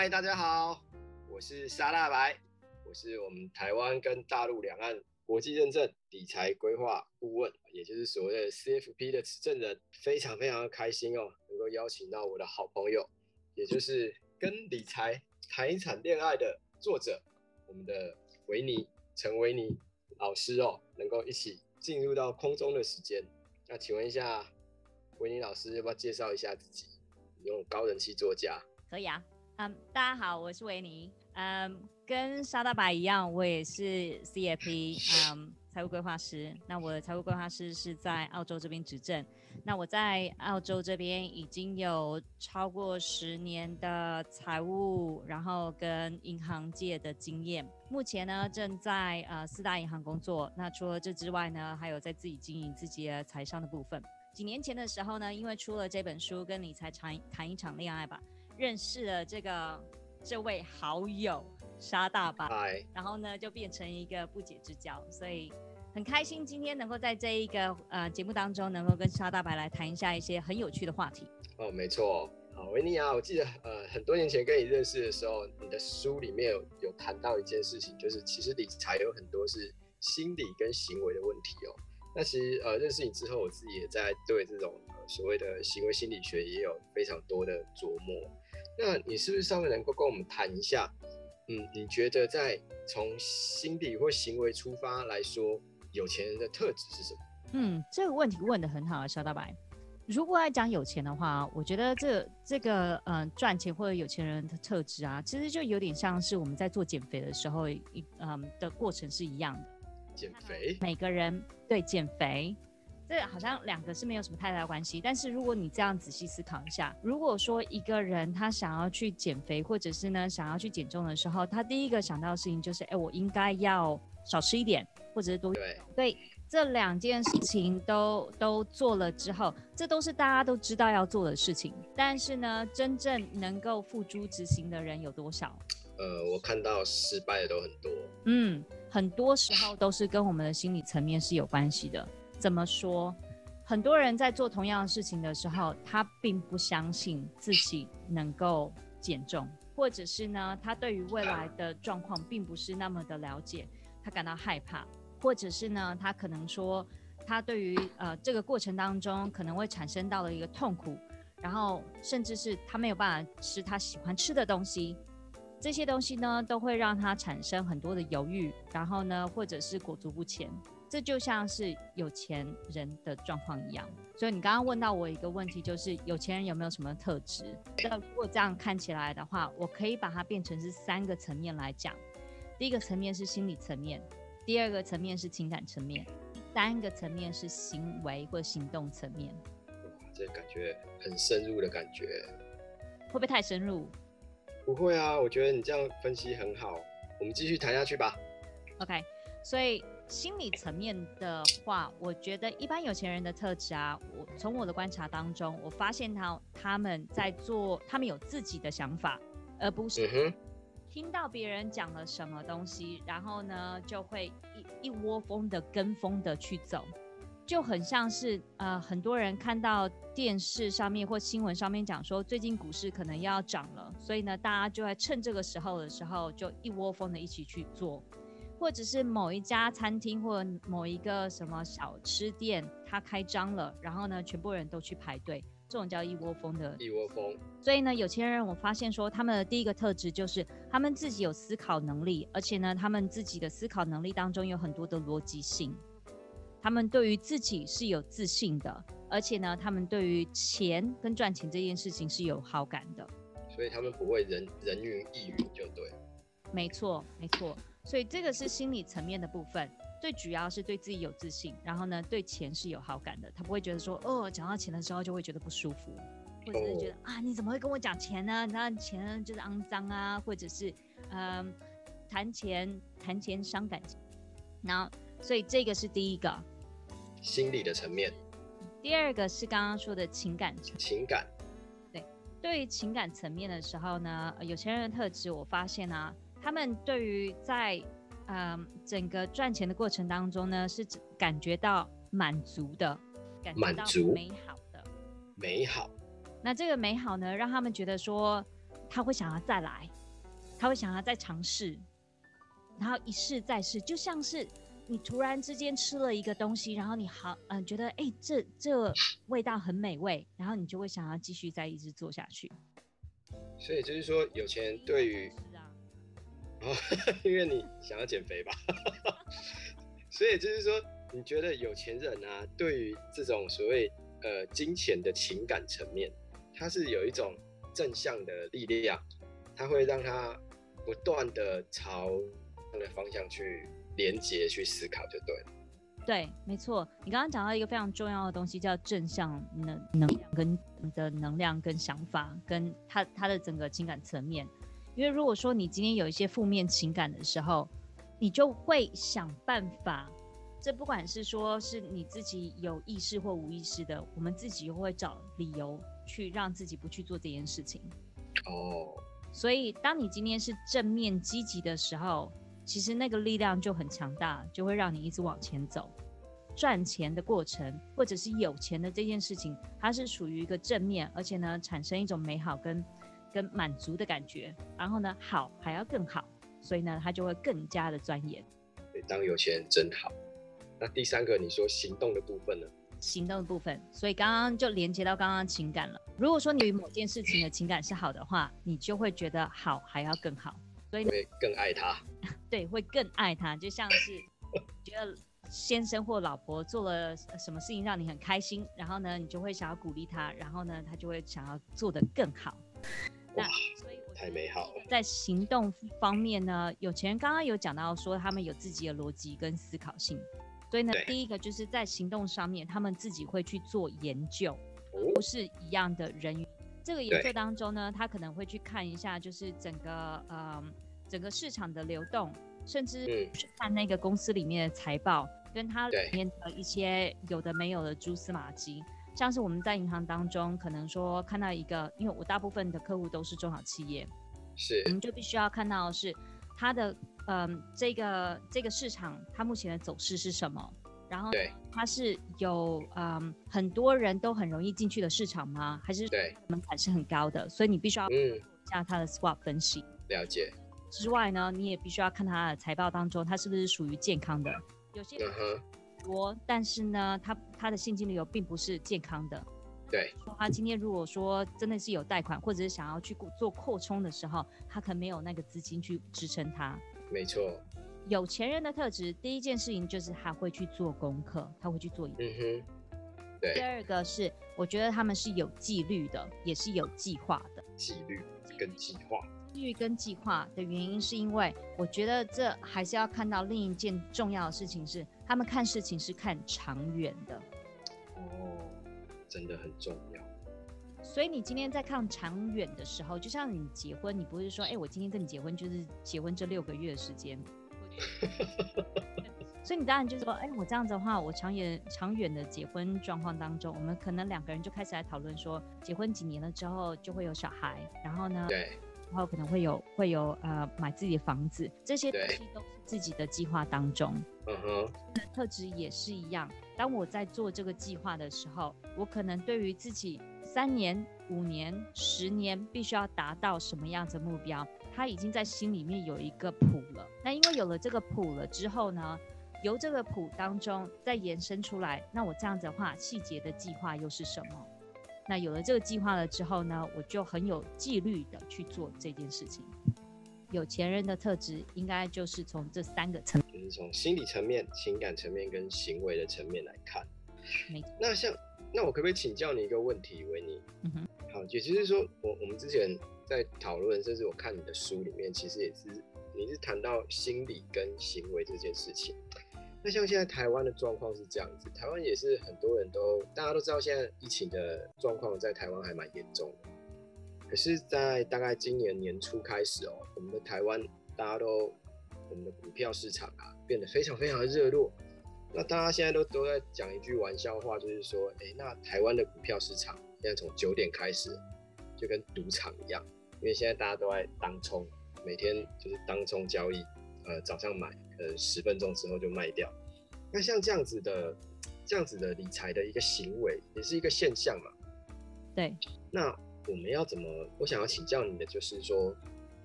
嗨，Hi, 大家好，我是沙大白，我是我們台灣跟大陸兩岸國際認證理財規劃顧問，也就是所謂的 CFP 的持證人，非常非常的開心哦，能夠邀請到我的好朋友，也就是跟理財談一場戀愛的作者，我們的維妮陳維妮老師哦，能夠一起進入到空中的時間。那請問一下，維妮老師要不要介紹一下自己？你用高人氣作家？可以啊。嗯，um, 大家好，我是維妮。嗯、um,，跟沙大白一樣，我也是 CFP，嗯、um,，財務規劃師。那我的財務規劃師是在澳洲這邊執政，那我在澳洲這邊已經有超過十年的財務，然後跟銀行界的經驗。目前呢，正在呃四大銀行工作。那除了這之外呢，還有在自己經營自己的財商的部分。幾年前的時候呢，因為出了這本書，跟理財談談一場戀愛吧。認識了這個這位好友沙大白，Hi. 然後呢，就變成一個不解之交，所以很開心今天能夠在這一個呃節目當中，能夠跟沙大白來談一下一些很有趣的話題。哦，沒錯、哦，好維妮啊，我記得呃很多年前跟你認識的時候，你的書裡面有有談到一件事情，就是其實理財有很多是心理跟行為的問題哦。那其實呃認識你之後，我自己也在對這種、呃、所謂的行為心理學也有非常多的琢磨。那你是不是稍微能夠跟我們談一下？嗯，你覺得在從心理或行為出發來說，有錢人的特質是什麼？嗯，這個問題問得很好啊，小大白。如果要講有錢的話，我覺得這這個嗯，賺錢或者有錢人的特質啊，其實就有點像是我們在做減肥的時候一嗯的過程是一樣的。減肥？每個人對減肥。這好像兩個是沒有什麼太大的關係，但是如果你這樣仔細思考一下，如果說一個人他想要去減肥，或者是呢想要去減重的時候，他第一個想到的事情就是，哎，我應該要少吃一點，或者是多一點，對對，這兩件事情都都做了之後，這都是大家都知道要做的事情，但是呢，真正能夠付諸執行的人有多少？呃，我看到失敗的都很多，嗯，很多時候都是跟我們的心理層面是有關係的。怎麼說？很多人在做同樣的事情的時候，他並不相信自己能夠減重，或者是呢，他對於未來的狀況並不是那麼的了解，他感到害怕，或者是呢，他可能說，他對於呃這個過程當中可能會產生到了一個痛苦，然後甚至是他沒有辦法吃他喜歡吃的東西，這些東西呢都會讓他產生很多的猶豫，然後呢，或者是裹足不前。這就像是有錢人的狀況一樣，所以你剛剛問到我一個問題，就是有錢人有沒有什麼特質？那如果這樣看起來的話，我可以把它變成是三個層面來講：第一個層面是心理層面，第二個層面是情感層面，第三個層面是行為或行動層面。哇，這感覺很深入的感覺，會不會太深入？不會啊，我覺得你這樣分析很好，我們繼續談下去吧。OK，所以。心理層面的話，我覺得一般有錢人的特質啊，我從我的觀察當中，我發現他他們在做，他們有自己的想法，而不是聽到別人講了什麼東西，然後呢就會一一窩蜂的跟風的去走，就很像是呃很多人看到電視上面或新聞上面講說最近股市可能要漲了，所以呢大家就在趁這個時候的時候就一窩蜂的一起去做。或者是某一家餐廳，或者某一個什麼小吃店，它開張了，然後呢，全部人都去排隊，這種叫一窩蜂的。一窩蜂。所以呢，有錢人我發現說，他們的第一個特質就是他們自己有思考能力，而且呢，他們自己的思考能力當中有很多的邏輯性。他們對於自己是有自信的，而且呢，他們對於錢跟賺錢這件事情是有好感的。所以他們不會人人云亦云，就對。沒錯，沒錯。所以這個是心理層面的部分，最主要是對自己有自信，然後呢，對錢是有好感的，他不會覺得說哦，講到錢的時候就會覺得不舒服，或者是覺得、oh. 啊，你怎麼會跟我講錢呢？然後錢就是骯髒啊，或者是嗯、呃，談錢談錢傷感情。然後，所以這個是第一個心理的層面。第二個是剛剛說的情感。情感。對，對於情感層面的時候呢，有錢人的特質，我發現呢、啊。他們對於在，嗯、呃，整個賺錢的過程當中呢，是感覺到滿足的，感覺到美好的美好。那這個美好呢，讓他們覺得說他會想要再來，他會想要再嘗試，然後一試再試，就像是你突然之間吃了一個東西，然後你好嗯、呃、覺得誒、欸，這這味道很美味，然後你就會想要繼續再一直做下去。所以就是說，有錢人對於。哦，因為你想要減肥吧， 所以就是說，你覺得有錢人啊，對於這種所謂呃金錢的情感層面，它是有一種正向的力量，它會讓他不斷的朝那個方向去連接、去思考，就對了。對，沒錯。你剛剛講到一個非常重要的東西，叫正向能能量跟能的能量跟想法，跟他他的整個情感層面。因為如果說你今天有一些負面情感的時候，你就會想辦法，這不管是說是你自己有意識或無意識的，我們自己又會找理由去讓自己不去做這件事情。哦，所以當你今天是正面積極的時候，其實那個力量就很強大，就會讓你一直往前走。賺錢的過程，或者是有錢的這件事情，它是屬於一個正面，而且呢，產生一種美好跟。跟滿足的感覺，然後呢，好還要更好，所以呢，他就會更加的鑽研。對，當有錢人真好。那第三個，你說行動的部分呢？行動的部分，所以剛剛就連接到剛剛情感了。如果說你某件事情的情感是好的話，你就會覺得好還要更好，所以你會更愛他。 對，會更愛他，就像是覺得先生或老婆做了什麼事情讓你很開心，然後呢，你就會想要鼓勵他，然後呢，他就會想要做得更好。但哇，太美好！在行動方面呢，有錢人剛剛有講到說他們有自己的邏輯跟思考性，所以呢，對第一個就是在行動上面，他們自己會去做研究，呃、不是一樣的人員。哦、這個研究當中呢，對他可能會去看一下，就是整個呃整個市場的流動，甚至去看那個公司裡面的財報，嗯、跟它裡面的一些有的沒有的蛛絲馬跡。像是我們在銀行當中，可能說看到一個，因為我大部分的客戶都是中小企業，是，我們就必須要看到是他的，嗯、呃，這個這個市場它目前的走勢是什麼，然後對，它是有嗯、呃、很多人都很容易進去的市場嗎？還是對門檻是很高的，對所以你必須要嗯一下它的 swap 分析，嗯、了解。之外呢，你也必須要看它的財報當中，它是不是屬於健康的，嗯、有些、嗯。多，但是呢，他他的現金流並不是健康的。對。他今天如果說真的是有貸款，或者是想要去做擴充的時候，他可能沒有那個資金去支撐他。沒錯。有錢人的特質，第一件事情就是他會去做功課，他會去做研究。嗯哼。對。第二個是，我覺得他們是有紀律的，也是有計劃的。紀律跟計劃。紀律跟計劃的原因，是因為我覺得這還是要看到另一件重要的事情是。他們看事情是看長遠的，哦，真的很重要。所以你今天在看長遠的時候，就像你結婚，你不會說，哎、欸，我今天跟你結婚就是結婚這六個月的時間。 所以你當然就說，哎、欸，我這樣子的話，我長遠、長遠的結婚狀況當中，我們可能兩個人就開始來討論說，結婚幾年了之後就會有小孩，然後呢？對。然後可能會有會有呃買自己的房子。這些東西都是自己的計劃當中。嗯哼，uh-huh。特質也是一樣。當我在做這個計劃的時候，我可能對於自己三年、五年、十年必須要達到什麼樣的目標，他已經在心裡面有一個譜了。那因為有了這個譜了之後呢，由這個譜當中再延伸出來，那我這樣子的話，細節的計劃又是什麼？那有了這個計劃了之後呢，我就很有紀律的去做這件事情。有錢人的特質，應該就是從這三個層，就是從心理層面、情感層面跟行為的層面來看。沒錯。那像，那我可不可以請教你一個問題，維妮？嗯哼。好，也就是說，我我們之前在討論，甚至我看你的書裡面，其實也是你是談到心理跟行為這件事情。那像現在台灣的狀況是這樣子，台灣也是很多人都大家都知道，現在疫情的狀況在台灣還蠻嚴重的。可是，在大概今年年初開始哦，我們的台灣大家都我們的股票市場啊變得非常非常的熱絡。那大家現在都都在講一句玩笑話，就是說，誒、欸，那台灣的股票市場現在從九點開始就跟賭場一樣，因為現在大家都在當沖，每天就是當沖交易。呃，早上買，呃，十分鐘之後就賣掉。那像這樣子的，這樣子的理財的一個行為，也是一個現象嘛？對。那我們要怎麼？我想要請教你的就是說，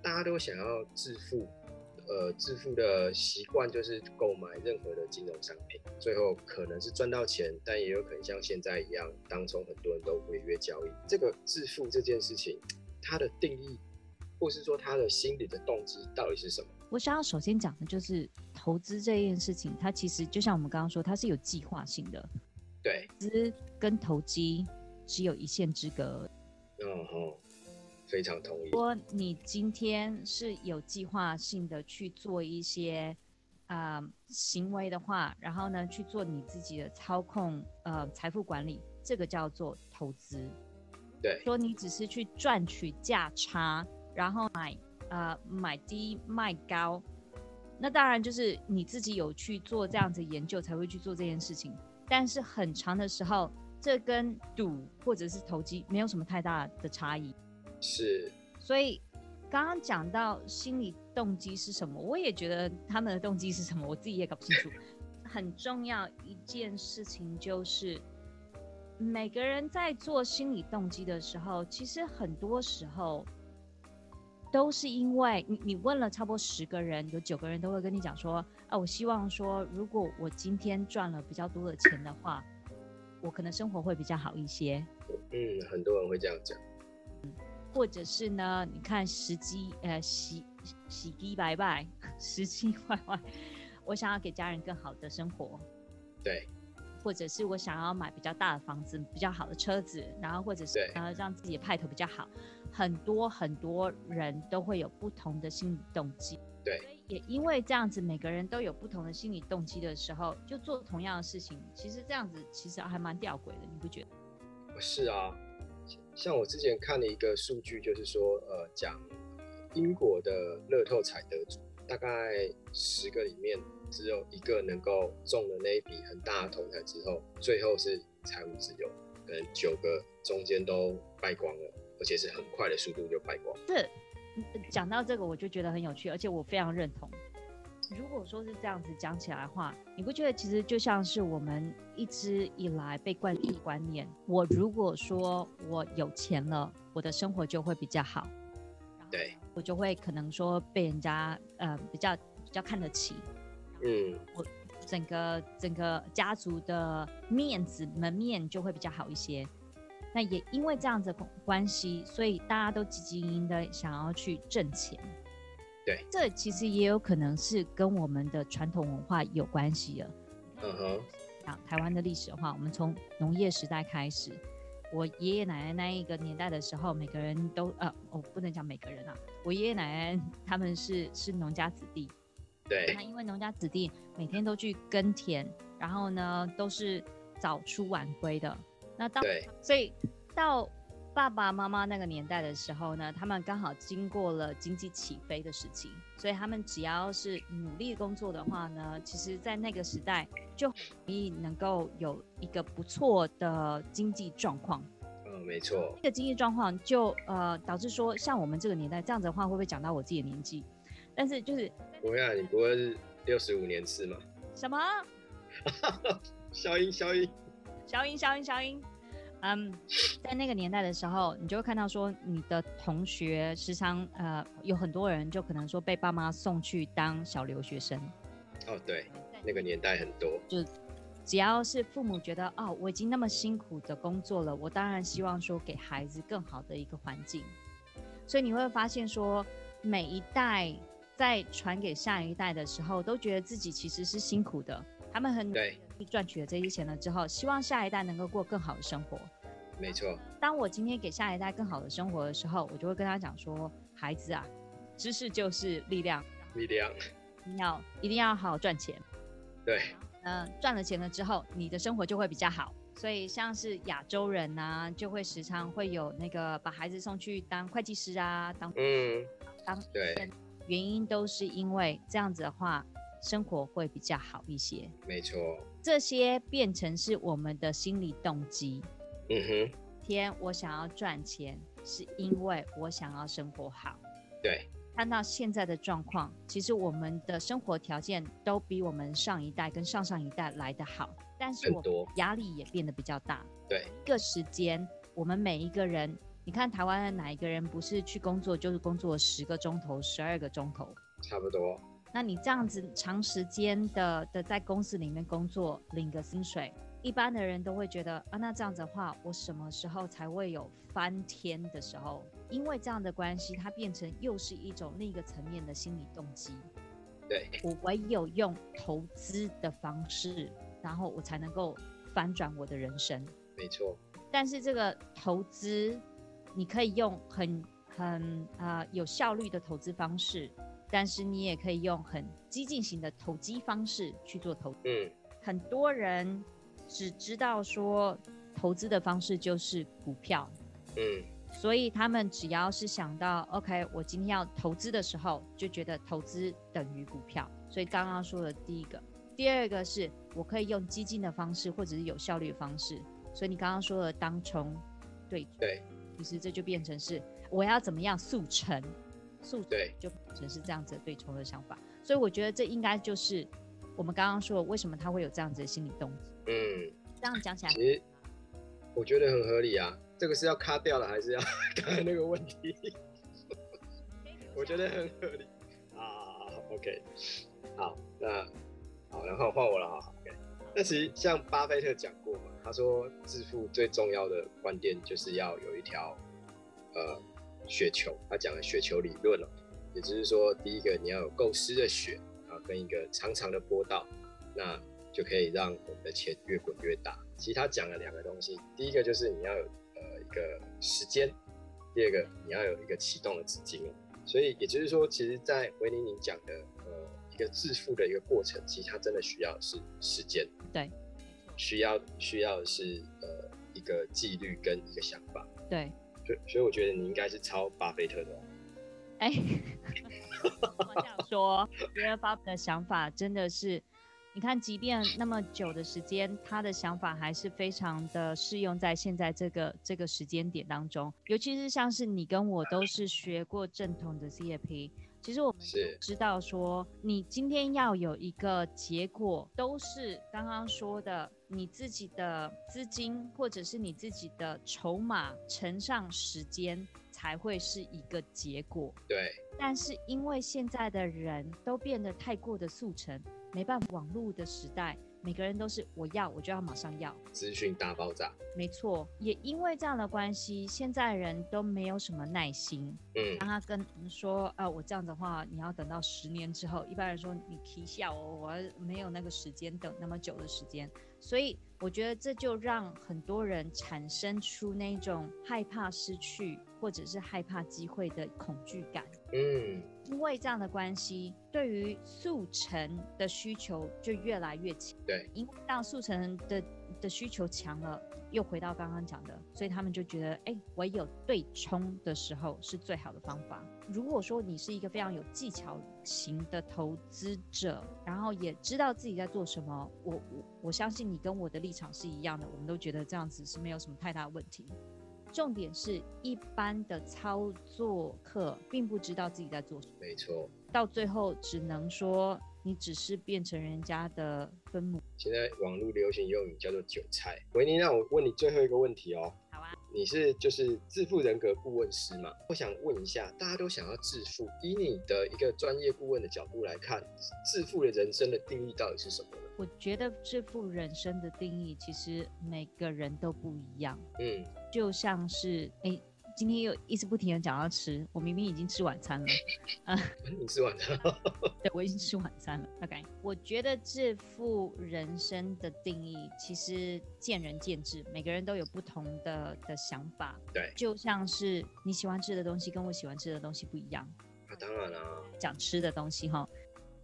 大家都想要致富，呃，致富的習慣就是購買任何的金融商品，最後可能是賺到錢，但也有可能像現在一樣，當中很多人都違約交易。這個致富這件事情，它的定義，或是說他的心理的動機，到底是什麼？我想要首先講的就是投資這件事情，它其實就像我們剛剛說，它是有計劃性的。對，投資跟投機只有一線之隔。嗯哼，非常同意。如果你今天是有計劃性的去做一些啊、呃、行為的話，然後呢去做你自己的操控呃財富管理，這個叫做投資。對。說你只是去賺取價差，然後買。呃，買低賣高，那當然就是你自己有去做這樣子研究才會去做這件事情。但是很長的時候，這跟賭或者是投機沒有什麼太大的差異。是。所以剛剛講到心理動機是什麼，我也覺得他們的動機是什麼，我自己也搞不清楚。 很重要一件事情就是，每個人在做心理動機的時候，其實很多時候。都是因為你，你問了差不多十個人，有九個人都會跟你講說：“哎、啊，我希望說，如果我今天賺了比較多的錢的話，我可能生活會比較好一些。”嗯，很多人會這樣講、嗯。或者是呢？你看時機，呃，時，時機壞壞，時機壞壞。我想要給家人更好的生活。對。或者是我想要買比較大的房子，比較好的車子，然後或者是對然後讓自己的派頭比較好。很多很多人都會有不同的心理動機，對，也因為這樣子，每個人都有不同的心理動機的時候，就做同樣的事情，其實這樣子其實還蠻吊詭的，你不覺得？是啊，像我之前看了一個數據，就是說，呃，講英國的樂透彩得主，大概十個裡面只有一個能夠中了那一筆很大的頭彩之後，最後是財務自由，可能九個中間都敗光了。而且是很快的速度就敗光。是，講到這個我就覺得很有趣，而且我非常認同。如果說是這樣子講起來的話，你不覺得其實就像是我們一直以來被灌輸觀念，我如果說我有錢了，我的生活就會比較好，對，我就會可能說被人家呃比較比較看得起，嗯，我整個整個家族的面子門面就會比較好一些。那也因為這樣子的關係，所以大家都汲汲營營的想要去掙錢。對，這其實也有可能是跟我們的傳統文化有關係了。嗯哼、uh，啊、huh.，台灣的歷史的話，我們從農業時代開始，我爺爺奶奶那一個年代的時候，每個人都呃，我、哦、不能講每個人啊，我爺爺奶奶他們是是農家子弟。對，那因為農家子弟每天都去耕田，然後呢都是早出晚歸的。那到，對所以到爸爸媽媽那個年代的時候呢，他們剛好經過了經濟起飛的事情，所以他們只要是努力工作的話呢，其實，在那個時代就容易能夠有一個不錯的經濟狀況。嗯，沒錯。那個經濟狀況就呃，導致說像我們這個年代這樣子的話，會不會講到我自己的年紀？但是就是，我啊，你不會是六十五年次嗎？什麼？ 消音，消音。小英，小英，小英，嗯，um, 在那個年代的時候，你就會看到說，你的同學時常呃，有很多人就可能說被爸媽送去當小留學生。哦，對，那個年代很多，就只要是父母覺得哦，我已經那麼辛苦的工作了，我當然希望說給孩子更好的一個環境。所以你會發現說，每一代在傳給下一代的時候，都覺得自己其實是辛苦的，他們很對。賺取了這些錢了之後，希望下一代能夠過更好的生活。沒錯。當我今天給下一代更好的生活的時候，我就會跟他講說：“孩子啊，知識就是力量，力量，你要一定要好好賺錢。”對。嗯，賺了錢了之後，你的生活就會比較好。所以像是亞洲人啊，就會時常會有那個把孩子送去當會計師啊，當，嗯，當，對，原因都是因為這樣子的話，生活會比較好一些。沒錯。這些變成是我們的心理動機。嗯哼。天，我想要賺錢，是因為我想要生活好。對。看到現在的狀況，其實我們的生活條件都比我們上一代跟上上一代來得好，但是我壓力也變得比較大。對多。一個時間，我們每一個人，對你看台灣的哪一個人不是去工作，就是工作十個鐘頭、十二個鐘頭。差不多。那你這樣子長時間的的在公司裡面工作，領個薪水，一般的人都會覺得啊，那這樣子的話，我什麼時候才會有翻天的時候？因為這樣的關係，它變成又是一種另一個層面的心理動機。對，我唯有用投資的方式，然後我才能夠翻轉我的人生。沒錯。但是這個投資，你可以用很。很啊、呃、有效率的投資方式，但是你也可以用很激進型的投機方式去做投資。嗯，很多人只知道說投資的方式就是股票。嗯，所以他們只要是想到 OK，我今天要投資的時候，就覺得投資等於股票。所以剛剛說的第一個，第二個是我可以用激進的方式或者是有效率的方式。所以你剛剛說的當沖對，對，其實這就變成是。我要怎麼樣速成？速成就成是這樣子對沖的想法，對所以我覺得這應該就是我們剛剛說的為什麼他會有這樣子的心理動機。嗯，這樣講起來，其實我覺得很合理啊。這個是要卡掉了，還是要剛才那個問題？我覺得很合理啊。Uh, OK，好，那好，然後換我了哈。OK，那其實像巴菲特講過嘛，他說致富最重要的觀點就是要有一條，呃。雪球，他講了雪球理論了，也就是說，第一個你要有夠濕的雪啊，跟一個長長的坡道，那就可以讓我們的錢越滾越大。其實他講了兩個東西，第一個就是你要有呃一個時間，第二個你要有一個啟動的資金哦。所以也就是說，其實，在維妮你講的呃一個致富的一個過程，其實他真的需要的是時間，對，需要需要的是呃一個紀律跟一個想法，對。所以，我覺得你應該是超巴菲特的。哎，我想說，覺得 Bob 的想法真的是，你看，即便那麼久的時間，他的想法還是非常的適用在現在這個這個時間點當中。尤其是像是你跟我都是學過正統的 CFP，其實我們知道說，是你今天要有一個結果，都是剛剛說的。你自己的資金，或者是你自己的籌碼，乘上時間，才會是一個結果。對。但是因為現在的人都變得太過的速成，沒辦法，網絡的時代。每個人都是我要，我就要馬上要。資訊大爆炸，沒錯，也因為這樣的關係，現在的人都沒有什麼耐心。嗯，當他跟說啊、呃，我這樣的話，你要等到十年之後，一般人說，你提下我，我沒有那個時間等那麼久的時間，所以我覺得這就讓很多人產生出那種害怕失去或者是害怕機會的恐懼感。嗯，因為這樣的關係，對於速成的需求就越來越強。對，因為當速成的的需求強了，又回到剛剛講的，所以他們就覺得，哎，唯有對沖的時候是最好的方法。如果說你是一個非常有技巧型的投資者，然後也知道自己在做什麼，我我我相信你跟我的立場是一樣的，我們都覺得這樣子是沒有什麼太大的問題。重點是一般的操作客，並不知道自己在做什麼沒錯。沒錯，到最後只能說你只是變成人家的分母。現在網絡流行用語叫做“韭菜”。維妮，讓我問你最後一個問題哦。好啊。你是就是致富人格顧問師嗎？我想問一下，大家都想要致富，以你的一個專業顧問的角度來看，致富的人生的定義到底是什麼？我覺得致富人生的定義其實每個人都不一樣。嗯，就像是哎、欸，今天又一直不停的講要吃，我明明已經吃晚餐了。啊， 你吃晚完餐？ 對，我已經吃晚餐了。OK，我覺得致富人生的定義其實見仁見智，每個人都有不同的的想法。對，就像是你喜歡吃的東西跟我喜歡吃的東西不一樣。啊，當然了、啊。講吃的東西哈。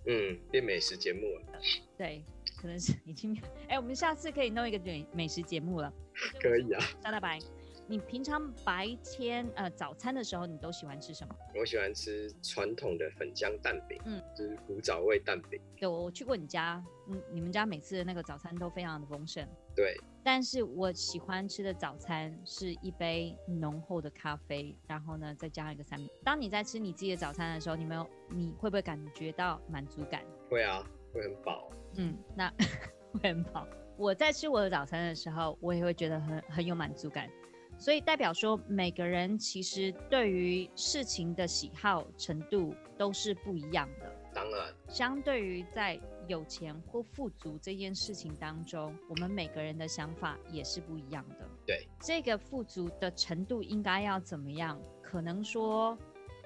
嗯，變美食節目了。對。可能是已經沒有，哎、欸，我們下次可以弄一個美美食節目了。可以啊，大大白，你平常白天呃早餐的時候，你都喜歡吃什麼？我喜歡吃傳統的粉漿蛋餅，嗯，就是古早味蛋餅。對我，我去過你家，嗯，你們家每次的那個早餐都非常的豐盛。對，但是我喜歡吃的早餐是一杯濃厚的咖啡，然後呢，再加上一個三明。當你在吃你自己的早餐的時候，你沒有，你會不會感覺到滿足感？會啊。會很飽，嗯，那呵呵會很飽。我在吃我的早餐的時候，我也會覺得很很有滿足感，所以代表說每個人其實對於事情的喜好程度都是不一樣的。當然，相對於在有錢或富足這件事情當中，我們每個人的想法也是不一樣的。對，這個富足的程度應該要怎麼樣？可能說，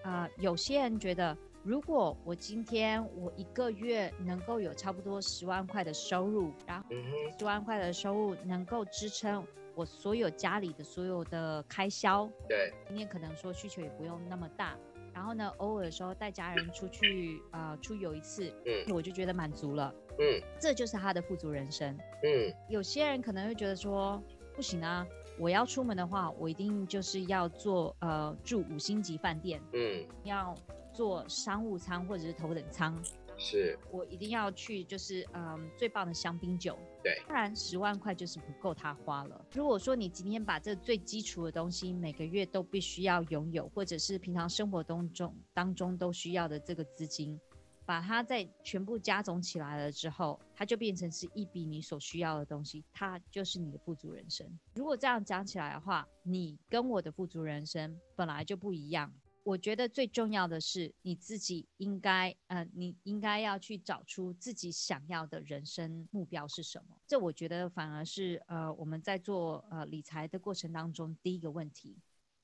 啊、呃，有些人覺得。如果我今天我一個月能夠有差不多十萬塊的收入，然後十萬塊的收入能夠支撐我所有家裡的所有的開銷，對，今天可能說需求也不用那麼大，然後呢，偶爾的時候帶家人出去啊，嗯，呃，出遊一次，嗯，我就覺得滿足了，嗯，這就是他的富足人生，嗯，有些人可能會覺得說不行啊，我要出門的話，我一定就是要做呃住五星級飯店，嗯，要。做商務艙或者是頭等艙，是我一定要去，就是嗯，最棒的香檳酒。對，當然十萬塊就是不夠他花了。如果說你今天把這最基礎的東西每個月都必須要擁有，或者是平常生活當中當中都需要的這個資金，把它再全部加總起來了之後，它就變成是一筆你所需要的東西，它就是你的富足人生。如果這樣講起來的話，你跟我的富足人生本來就不一樣。我覺得最重要的是你自己應該，呃，你應該要去找出自己想要的人生目標是什麼？這我覺得反而是，呃，我們在做呃理財的過程當中第一個問題，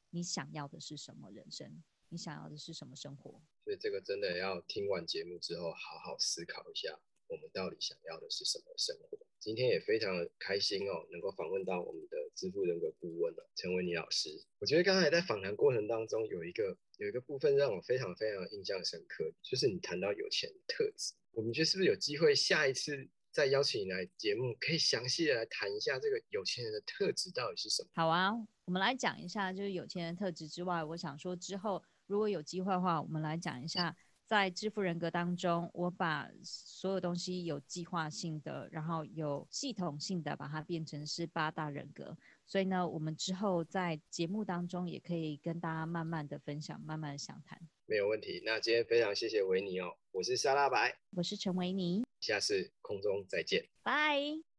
你想要的是什麼人生？你想要的是什麼生活？所以這個真的要聽完節目之後好好思考一下，我們到底想要的是什麼生活？今天也非常開心哦，能夠訪問到我們的致富人格顧問師，陳維妮老師。我覺得剛才在訪談過程當中，有一個有一個部分讓我非常非常印象深刻，就是你談到有錢的特質。我們覺得是不是有機會下一次再邀請你來節目，可以詳細的來談一下這個有錢人的特質到底是什麼？好啊，我們來講一下，就是有錢人特質之外，我想說之後如果有機會的話，我們來講一下。在致富人格當中，我把所有東西有計劃性的，然後有系統性的把它變成是八大人格。所以呢，我們之後在節目當中也可以跟大家慢慢的分享，慢慢詳談。沒有問題。那今天非常謝謝維尼哦，我是沙拉白，我是陳維尼，下次空中再見，拜。